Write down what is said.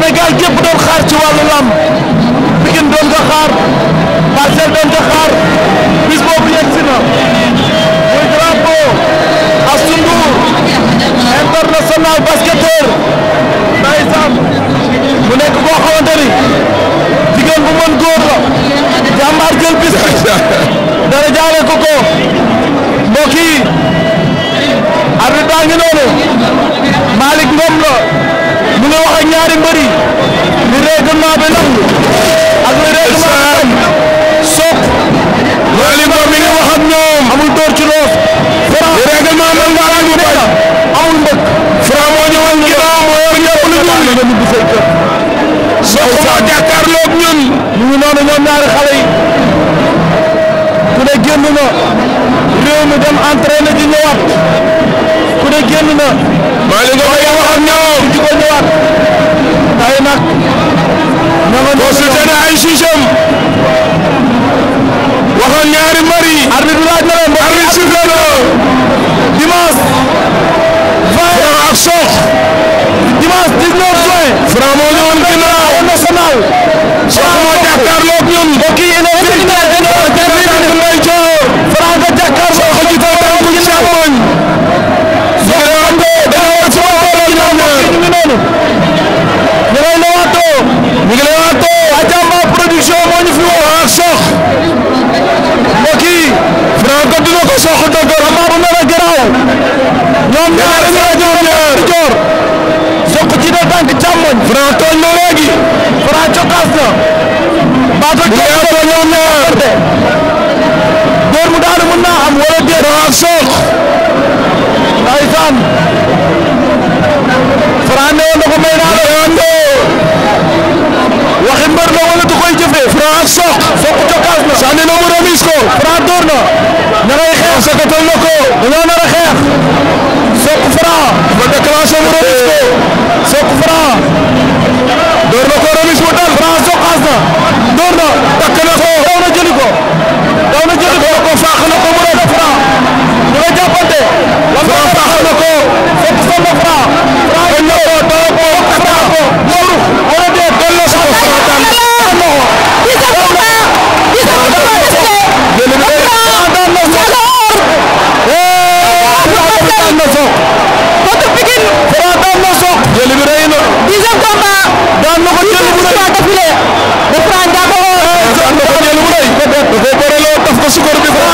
Sénégal gépp doon xaar ci wàllu lamb Pikine doon ko xaar Parcelles doon ko xaar bis boobu yegsi na muy drapeau Astou Ndour international basketteur ñaari mbër yi li règlement bi nangu ak li règlement bi soog loolu moom mi ngi wax ak ñoom amul door ci loos li règlement nangu ak ñu bañ amul mbëkk Fra moo ñëwal ginnaaw moo yor ñëpp lu ñuul soog moo jàkkaarloog ñun ñu ngi noonu ñoom ñaari xale yi ku ne génn na réew mi dem entraîné ji ñëwaat de génn na. Malick Ngom ay wax ak ñoom. di ko ñëwaat. tey nag. consulté na ay jugeem. waxoon ñaari mbër yi. arbitre laaj na leen. arbitre sifflé na. dimanche. vingt ak sox. dimanche dix-neuf juin. Baa cokkaas na. Baa cokkaas na ñëw na door mu daanu mën naa am wala déet. Franc ak Sokh. ndeysaan. Franc ne woon na ko may naa la. waxi mbër la wala du koy jëfee. Franc ak Sokh. Sokh cokkaas na. sànni na mu remise ko. Franc door na. ña ngay xeex sakatal na ko. dañoo nar a xeex. Sokh Franc. ba déclenché mu remise ko. Sokh Franc. sukar bi ko